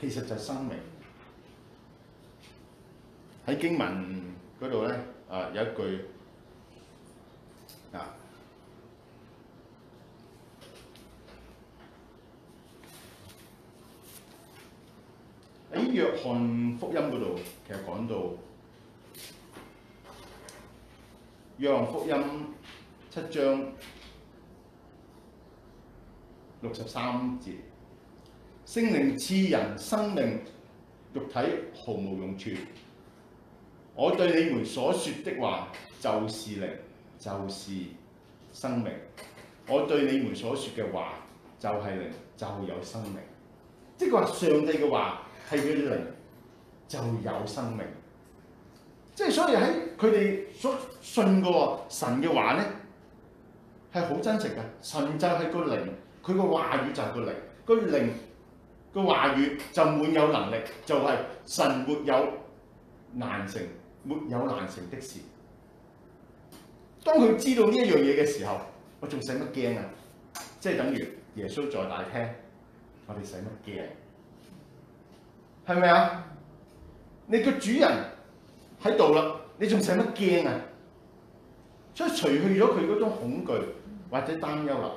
其實就係生命。喺經文嗰度咧，啊有一句啊喺約翰福音嗰度，其實講到約翰福音七章。六十三節，聖靈賜人生命，肉體毫無用處。我對你們所說的話就是靈，就是生命。我對你們所說嘅話就係靈，就有生命。即係話上帝嘅話係佢靈，就有生命。即係所以喺佢哋信個神嘅話咧，係好真實嘅。神就係個靈。佢個話語就係個靈，個靈個話語就滿有能力，就係神沒有難成沒有難成的事。當佢知道呢一樣嘢嘅時候，我仲使乜驚啊？即係等於耶穌在大廳，我哋使乜驚？係咪啊？你個主人喺度啦，你仲使乜驚啊？所以除去咗佢嗰種恐懼或者擔憂啦。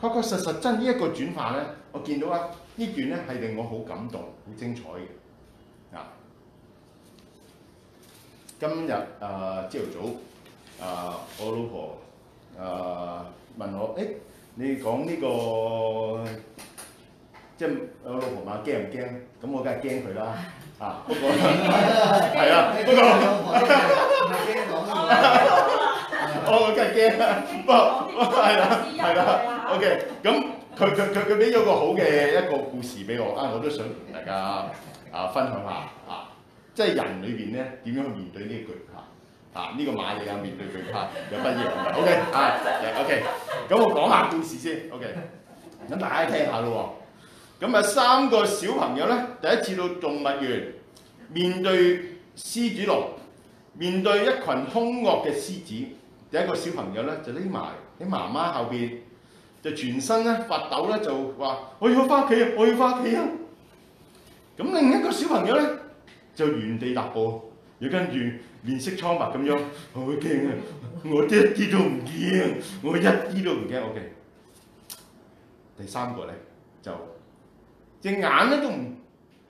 確確實實真係呢一個轉化咧，我見到啊呢段咧係令我好感動、好精彩嘅啊！今日啊朝頭早啊，我老婆啊問我，誒你講呢個即係我老婆問驚唔驚？咁我梗係驚佢啦啊！不過係啊，不過我唔係驚我，我梗係驚啦，我係啦，係啦。O.K. 咁佢佢佢佢俾咗個好嘅一個故事俾我啊！我都想同大家啊分享下啊，即係人裏邊咧點樣去面對呢一句嚇啊？呢、這個馬利亞面對佢嚇又不一樣。O.K. 啊，O.K. 咁我講下故事先。O.K. 咁大家聽下咯，咁啊三個小朋友咧，第一次到動物園，面對獅子龍，面對一群兇惡嘅獅子，第一個小朋友咧就匿埋喺媽媽後邊。就全身咧發抖咧，就話我要翻屋企，我要翻屋企啊！咁另一個小朋友咧就原地踏步，又跟住面色蒼白咁樣，好驚啊！我一啲都唔驚啊，我一啲都唔驚啊。OK，第三個咧就隻眼咧都唔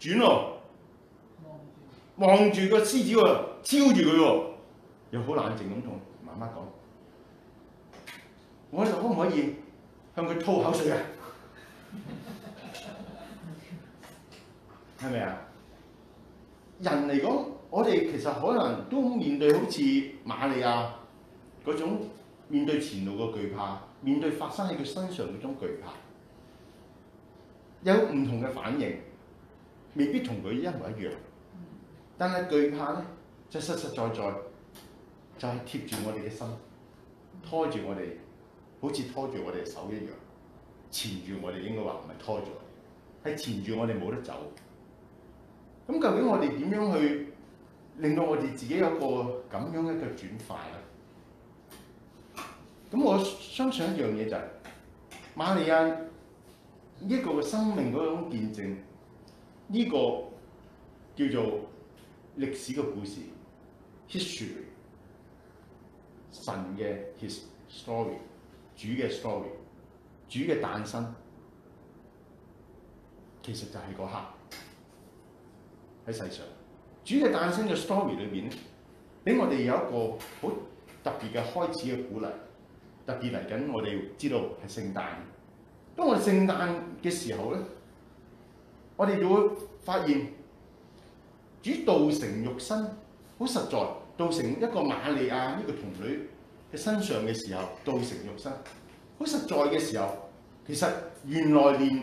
轉喎，望住個獅子喎，超住佢喎，又好冷靜咁同媽媽講：我就可唔可以？向佢吐口水啊，係咪啊？人嚟講，我哋其實可能都面對好似瑪利亞嗰種面對前路嘅懼怕，面對發生喺佢身上嗰種懼怕，有唔同嘅反應，未必同佢一模一樣。但係懼怕咧，就係實實在在在，就係貼住我哋嘅心，拖住我哋。好似拖住我哋手一樣，纏住我哋，應該話唔係拖住，我哋，係纏住我哋冇得走。咁究竟我哋點樣去令到我哋自己有個咁樣一個轉化咧？咁我相信一樣嘢就係、是、瑪利亞一個嘅生命嗰種見證，呢、這個叫做歷史嘅故事 （history），神嘅 history。主嘅 story，主嘅誕生其實就係個客喺世上。主嘅誕生嘅 story 裏面咧，俾我哋有一個好特別嘅開始嘅鼓勵。特別嚟緊，我哋知道係聖誕。當我哋聖誕嘅時候咧，我哋就會發現主道成肉身，好實在，道成一個瑪利亞呢個童女。喺身上嘅時候，道成肉身，好實在嘅時候，其實原來連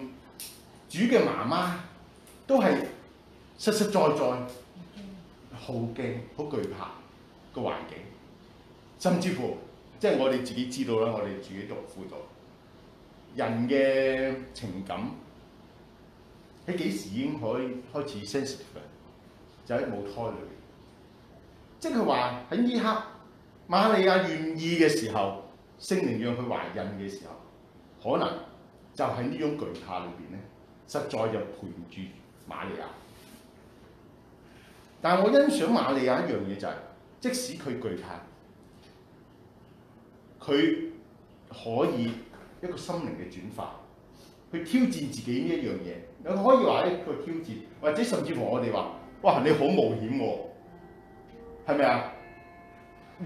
主嘅媽媽都係實實在在好驚、好懼怕個環境，甚至乎即係、就是、我哋自己知道啦，我哋自己讀輔導，人嘅情感喺幾時已經可以開始 sensitive，就喺母胎裏邊，即係佢話喺呢刻。瑪利亞願意嘅時候，聖靈讓佢懷孕嘅時候，可能就喺呢種懼怕裏邊咧，實在就陪住瑪利亞。但係我欣賞瑪利亞一樣嘢就係、是，即使佢懼怕，佢可以一個心靈嘅轉化，去挑戰自己呢一樣嘢。你可以話咧，佢挑戰，或者甚至乎我哋話，哇，你好冒險喎，係咪啊？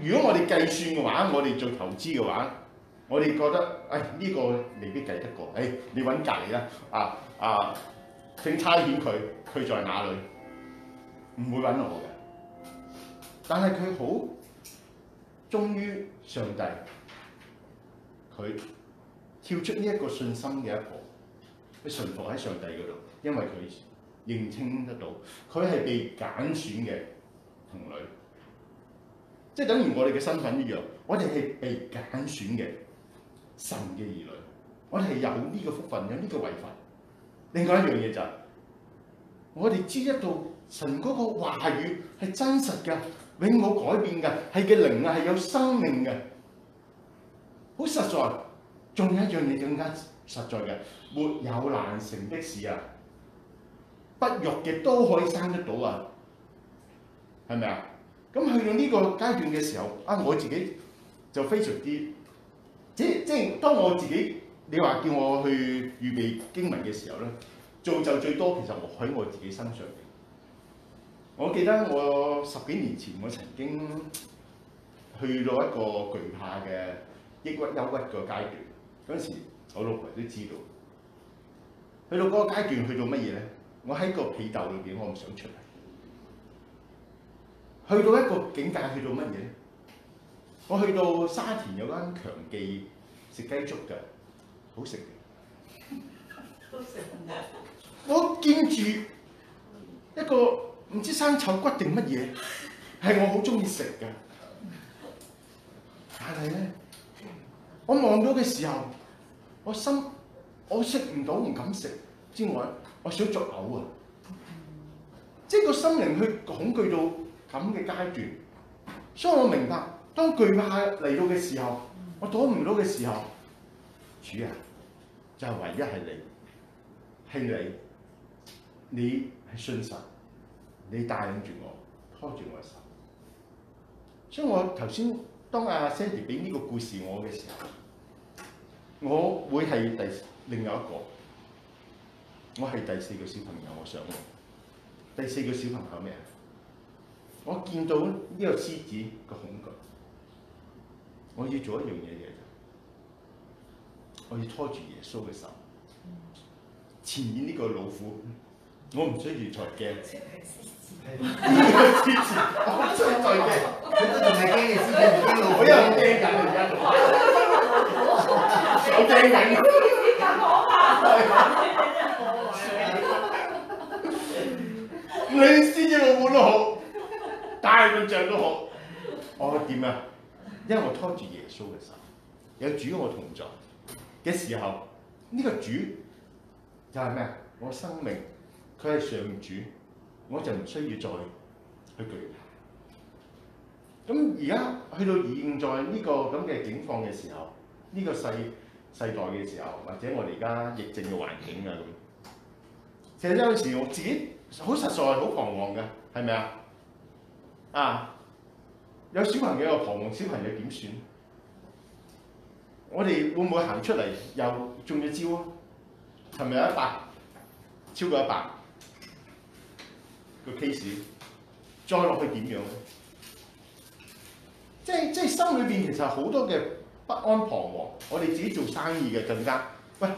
如果我哋計算嘅話，我哋做投資嘅話，我哋覺得誒呢、哎這個未必計得過。誒、哎，你揾隔離啦，啊啊，請差遣佢，佢在哪裏？唔會揾我嘅。但係佢好忠於上帝，佢跳出呢一個信心嘅一步，佢信服喺上帝嗰度，因為佢認清得到，佢係被揀選嘅童女。即係等於我哋嘅身份一樣，我哋係被揀選嘅神嘅兒女，我哋係有呢個福分，有呢個位份。另外一樣嘢就係，我哋知道神嗰個話語係真實嘅，永冇改變嘅，係嘅靈啊係有生命嘅，好實在。仲有一樣嘢更加實在嘅，沒有難成的事啊，不育嘅都可以生得到啊，係咪啊？咁去到呢個階段嘅時候，啊我自己就非常之即即，當我自己你話叫我去預備經文嘅時候咧，造就最多其實落喺我自己身上嘅。我記得我十幾年前我曾經去到一個懼怕嘅抑鬱憂鬱個階段，嗰時我老婆都知道。去到嗰個階段去到乜嘢咧？我喺個被竇裏邊，我唔想出嚟。去到一個境界，去到乜嘢咧？我去到沙田有間強記食雞粥嘅，好食嘅。都食 我見住一個唔知生臭骨定乜嘢，係我好中意食嘅。但係咧，我望到嘅時候，我心我食唔到唔敢食之外，我想作嘔啊！即係個心靈去恐懼到。咁嘅階段，所以我明白，當懼怕嚟到嘅時候，我躲唔到嘅時候，主啊，就係唯一係你，係你，你係信神，你帶領住我，拖住我嘅手。所以我頭先當阿 Sandy 俾呢個故事我嘅時候，我會係第另一個，我係第四個小朋友，我想，第四個小朋友咩啊？我見到呢個獅子個恐懼，我要做一樣嘢嘅，我要拖住耶穌嘅手，前面呢個老虎，我唔需要再驚呢個獅子，我唔需要再驚。唔係 獅子，係老虎。我又驚緊而家。我驚緊。你講啊！你獅子老虎都好。大笨象都好，我點啊？因為我拖住耶穌嘅手，有主我同在嘅時候，呢個主就係咩啊？我生命佢係上主，我就唔需要再去攰。咁而家去到現在呢個咁嘅境況嘅時候，呢個世世代嘅時候，或者我哋而家疫症嘅環境啊咁，其實有時我自己好實在，好彷徨嘅，係咪啊？啊！有小朋友嘅彷徨，小朋友點算？我哋會唔會行出嚟又中咗招啊？尋日一百，超過一百個 case，再落去點樣咧？即係即係心裏邊其實好多嘅不安、彷徨。我哋自己做生意嘅更加，喂，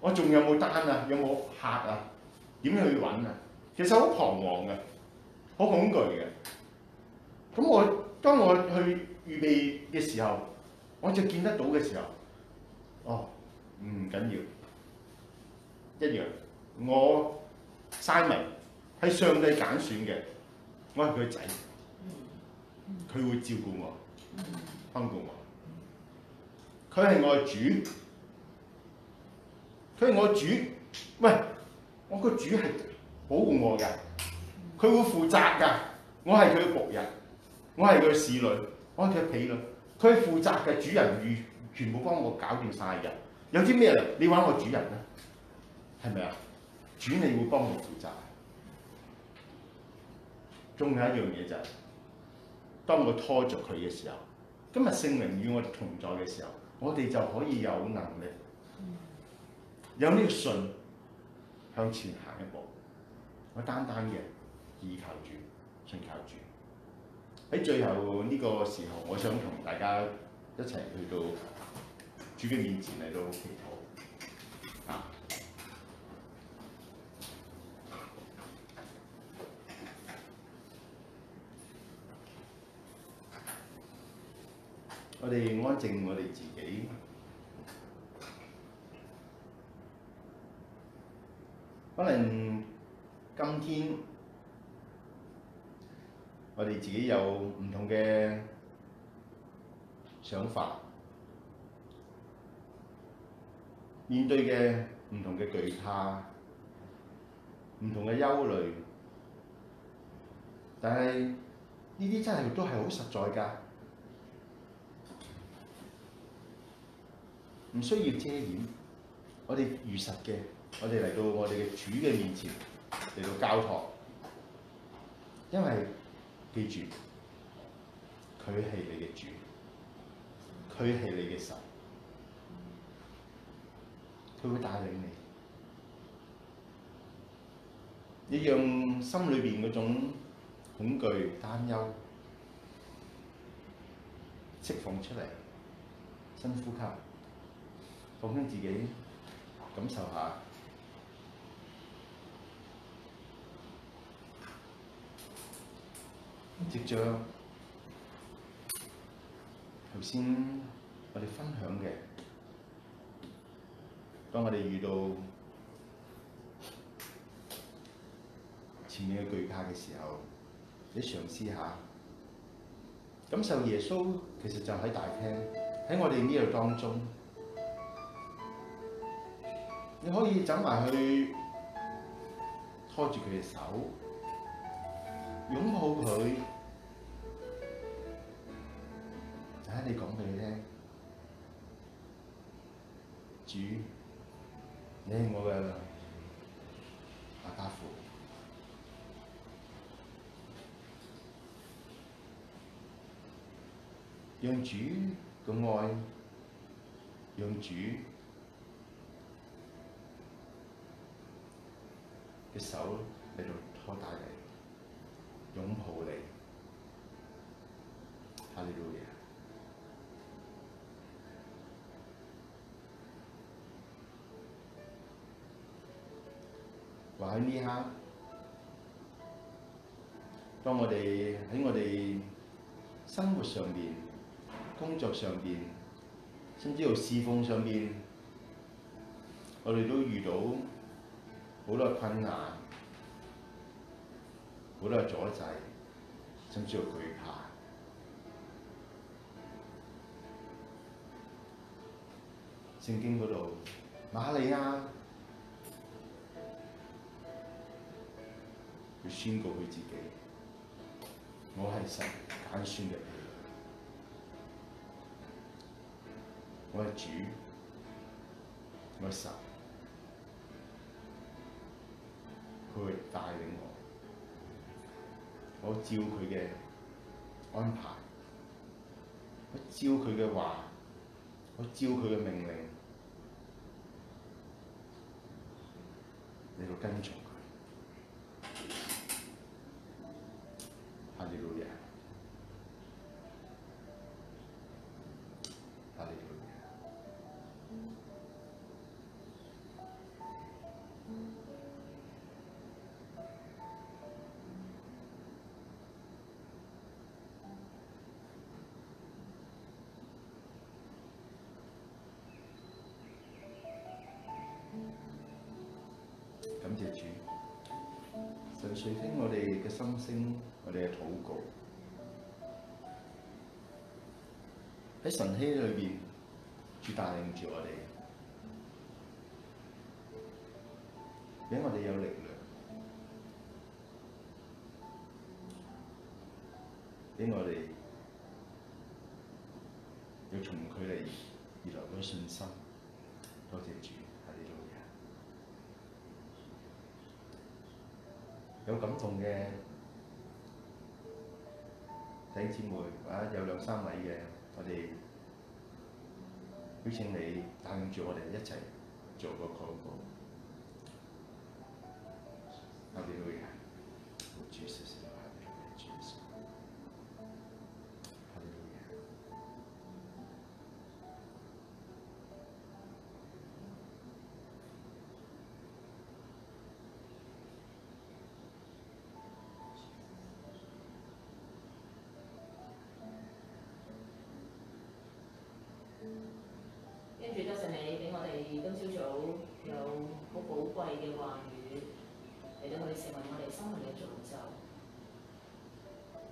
我仲有冇單啊？有冇客啊？點樣去揾啊？其實好彷徨嘅，好恐懼嘅。咁我當我去預備嘅時候，我就見得到嘅時候，哦，唔緊要一樣。我 Simon 係上帝揀選嘅，我係佢仔，佢會照顧我、看顧我。佢係我主，佢係我主。喂，我個主係保護我㗎，佢會負責㗎。我係佢嘅僕人。我係佢侍女，我係佢婢女，佢係負責嘅主人，完全部幫我搞掂晒嘅。有啲咩你揾我主人啦，係咪啊？主你會幫我負責。仲有一樣嘢就係，當我拖著佢嘅時候，今日聖靈與我同在嘅時候，我哋就可以有能力，有呢個信向前行一步。我單單嘅倚靠主，信靠主。喺最後呢個時候，我想同大家一齊去到主嘅面前嚟到祈禱，啊！我哋安靜我哋自己，可能今天。我哋自己有唔同嘅想法，面對嘅唔同嘅懼怕、唔同嘅憂慮，但係呢啲真係都係好實在㗎，唔需要遮掩。我哋如實嘅，我哋嚟到我哋嘅主嘅面前，嚟到教堂，因為。記住，佢係你嘅主，佢係你嘅神，佢會帶領你，你讓心裏面嗰種恐懼、擔憂釋放出嚟，深呼吸，放鬆自己，感受下。接着頭先我哋分享嘅，當我哋遇到前面嘅巨卡嘅時候，你嘗試下感受耶穌其實就喺大廳，喺我哋呢度當中，你可以走埋去拖住佢嘅手，擁抱佢。啊！你講俾佢聽，主，你係我嘅阿爸父，用主嘅愛，用主嘅手嚟到拖大嘅。呢刻，當我哋喺我哋生活上邊、工作上邊，甚至乎侍奉上邊，我哋都遇到好多困難、好多阻滯，甚至乎害怕。聖經嗰度瑪利亞。佢宣告佢自己：我係神，揀選你，我係主，我係神，佢帶領我，我照佢嘅安排，我照佢嘅話，我照佢嘅命令，你就跟從。基於啊，基於啊，感謝主，垂聽我哋嘅心聲。我哋嘅禱告喺神曦裏邊，主帶領住我哋，俾我哋有力量，俾我哋要從佢哋而來嘅信心。多謝主喺呢度嘢，有感動嘅。弟兄姊妹，啊有兩三位嘅，我哋邀請你跟住我哋一齊做個禱告，我哋會。多謝你俾我哋今朝早有好寶貴嘅話語，嚟到去成為我哋生命嘅造就。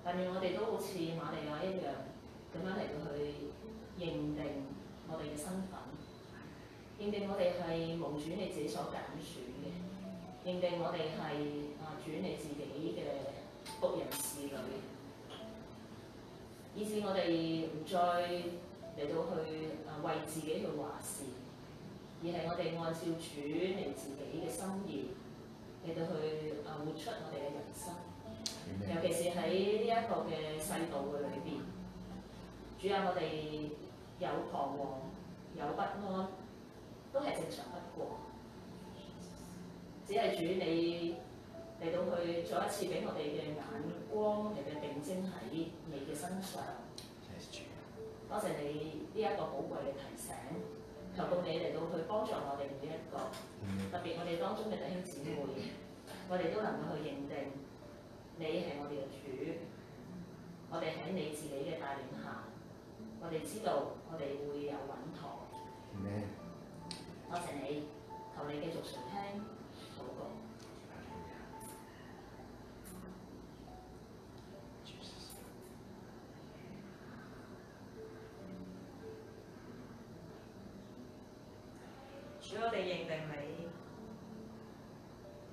但願我哋都好似瑪利亞一樣，咁樣嚟到去認定我哋嘅身份，認定我哋係蒙主你自己所揀選嘅，認定我哋係啊主你自己嘅僕人侍女，以致我哋唔再嚟到去。為自己去話事，而係我哋按照主你自己嘅心意嚟到去啊活出我哋嘅人生。Mm hmm. 尤其是喺呢一個嘅世道嘅裏邊，主啊，我哋有彷徨，有不安，都係正常不過。只係主你嚟到去做一次，俾我哋嘅眼光嚟嘅、mm hmm. 定睛喺你嘅身上。多謝你呢一個寶貴嘅提醒，求到你嚟到去幫助我哋每一個，特別我哋當中嘅弟兄姊妹，我哋都能夠去認定你係我哋嘅主，我哋喺你自己嘅帶領下，我哋知道我哋會有穩妥。咩、嗯？多謝你，求你繼續常聽。主我哋認定你，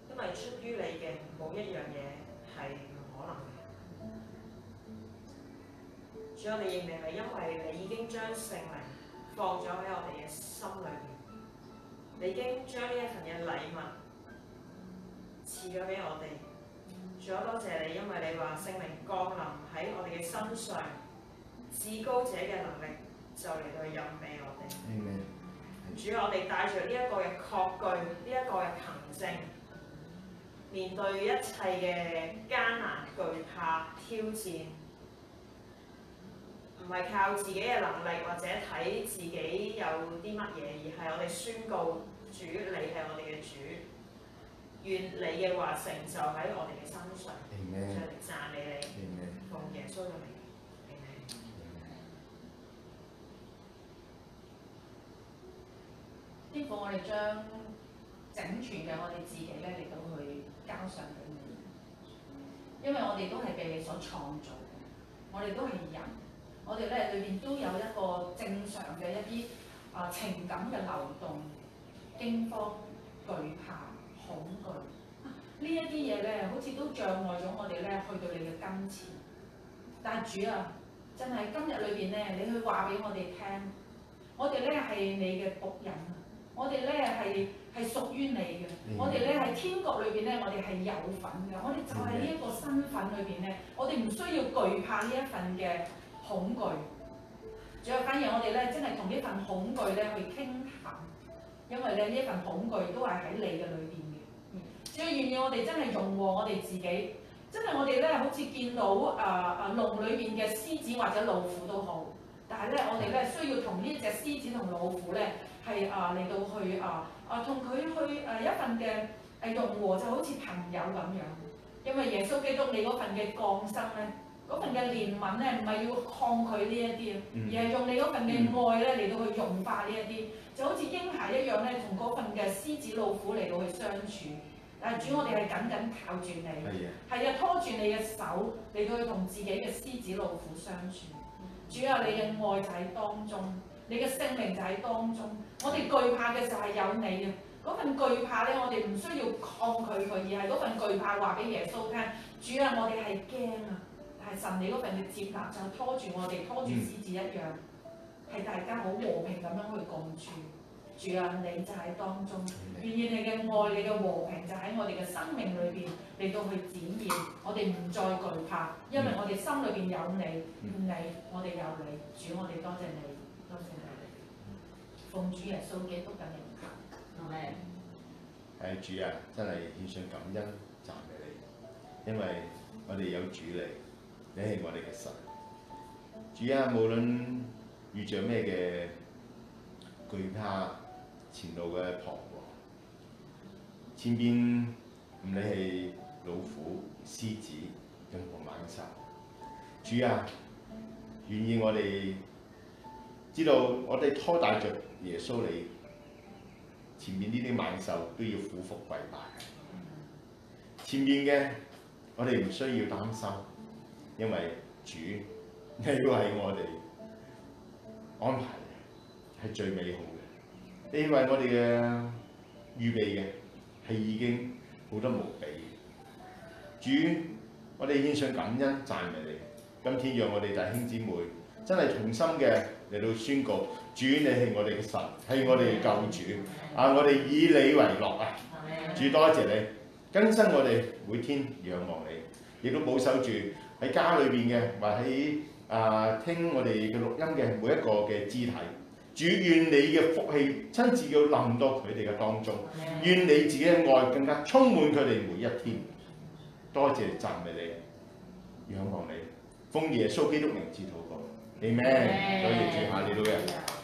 因為出於你嘅冇一樣嘢係唔可能嘅。主我哋認定你，因為你已經將聖靈放咗喺我哋嘅心裏邊，你已經將呢一層嘅禮物賜咗俾我哋。主我多謝你，因為你話聖靈降臨喺我哋嘅身上，至高者嘅能力就嚟到蔭庇我哋。嗯。主我帶，我哋帶住呢一個嘅確據，呢一個嘅憑證，面對一切嘅艱難、懼怕、挑戰，唔係靠自己嘅能力或者睇自己有啲乜嘢，而係我哋宣告主，你係我哋嘅主，願你嘅話成就喺我哋嘅身上，嚟讚 Amen. 美你，奉耶穌嘅名。呢個我哋將整全嘅，我哋自己咧亦到去交上俾你，因為我哋都係被你所創造，我哋都係人，我哋咧裏邊都有一個正常嘅一啲啊、呃、情感嘅流動、驚慌、懼怕、恐懼、啊、呢一啲嘢咧，好似都障礙咗我哋咧去到你嘅跟前。但主啊，真係今日裏邊咧，你去話俾我哋聽，我哋咧係你嘅僕人。我哋咧係係屬於你嘅、嗯，我哋咧喺天國裏邊咧，我哋係有份嘅，我哋就係呢一個身份裏邊咧，我哋唔需要懼怕呢一份嘅恐懼，仲有反而我哋咧真係同呢份恐懼咧去傾談，因為咧呢一份恐懼都係喺你嘅裏邊嘅，只要願意我哋真係用和我哋自己，真係我哋咧好似見到啊啊龍裏邊嘅獅子或者老虎都好。但係咧，我哋咧需要同呢隻獅子同老虎咧係啊嚟到啊去啊啊同佢去誒一份嘅誒融和，就好似朋友咁樣。因為耶穌基督你嗰份嘅降生咧，嗰份嘅憐憫咧，唔係要抗拒呢一啲啊，而係用你嗰份嘅愛咧嚟、嗯、到去融化呢一啲，就好似嬰孩一樣咧，同嗰份嘅獅子老虎嚟到去相處。但係主，我哋係緊緊靠住你，係啊的，拖住你嘅手嚟到去同自己嘅獅子老虎相處。主要、啊、你嘅愛就喺當中，你嘅聖靈就喺當中。我哋懼怕嘅就係有你啊！嗰份懼怕咧，我哋唔需要抗拒佢，而係嗰份懼怕話俾耶穌聽：主啊，我哋係驚啊！但係神你嗰份嘅接納就拖住我哋，拖住獅子一樣，係、嗯、大家好和平咁樣去共處。主啊，你就喺當中，願意你嘅愛，你嘅和平就喺、是、我哋嘅生命裏邊嚟到去展現。我哋唔再懼怕，因為我哋心裏邊有你，嗯、你我哋有你。主，我哋多謝你，多謝你。嗯、奉主耶穌基督嘅名，同咪、嗯？係主啊，真係獻上感恩，讚美你，因為我哋有主嚟，你係我哋嘅神。主啊，無論遇着咩嘅懼怕。前路嘅彷徨，前邊唔理係老虎、獅子、任何猛獸，主啊，願意我哋知道，我哋拖帶著耶穌嚟，前面呢啲猛獸都要俯伏跪拜。前面嘅我哋唔需要擔心，因為主你為我哋安排係最美好。你為我哋嘅預備嘅係已經好多無比。主，我哋獻上感恩讚美你，今天讓我哋弟兄姊妹真係同心嘅嚟到宣告，主你係我哋嘅神，係我哋嘅救主，啊我哋以你為樂啊，主，多謝你更新我哋，每天仰望你，亦都保守住喺家裏邊嘅或喺啊聽我哋嘅錄音嘅每一個嘅肢體。主，願你嘅福氣親自要臨到佢哋嘅當中，Yeah. 願你自己嘅愛更加充滿佢哋每一天。多謝讚美你，仰望你，奉耶穌基督名字禱告，阿門。Yeah. 多謝主，Yeah. 多謝主啊，你都嘅。